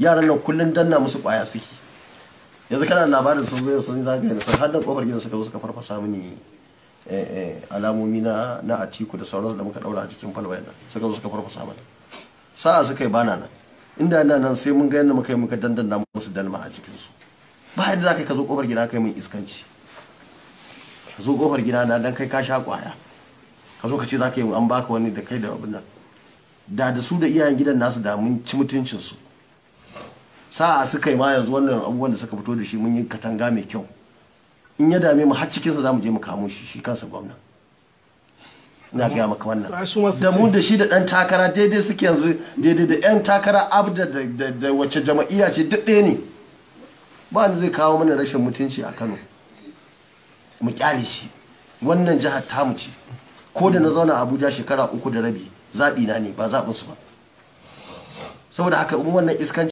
yaran nan kullun danna musu kwaya suke yanzu kana labarin sun zo sun zagaye na sun haddan kofar gidan suka zo suka farfasa mini eh, eh, alamomi na na atiku da sauransu da muka daura a cikin falwaya suka zo suka farfasa mana sa'a suka yi bana nan inda yana nan sai mun ga yadda muka yi muka dandana musu dalma a cikin su ba yadda za ka ka zo kofar gida kai mun iskanci ka zo kofar gida na dan kai ka sha kwaya ka zo ka ce za ka yi an baka wani da kai da abin nan da da su da iyayen gidan nasu da mun ci mutuncin su sa'a suka yi ma yanzu wannan abubuwan da suka fito da shi mun yi katanga mai kyau in ya dame mu har cikinsa za mu je mu kamo shi shi kansa gwamna na gaya maka wannan da mu da shi da ɗan takara daidai suke yanzu daidai da 'yan takara abda da wacce jama'iya ce duk ɗaya ne ba ni zai kawo mana rashin mutunci a kano mu kyale shi wannan jihar tamu ce ko da na zauna abuja shekara uku da rabi zaɓi na ne ba zaɓinsu ba saboda haka in wannan iskanci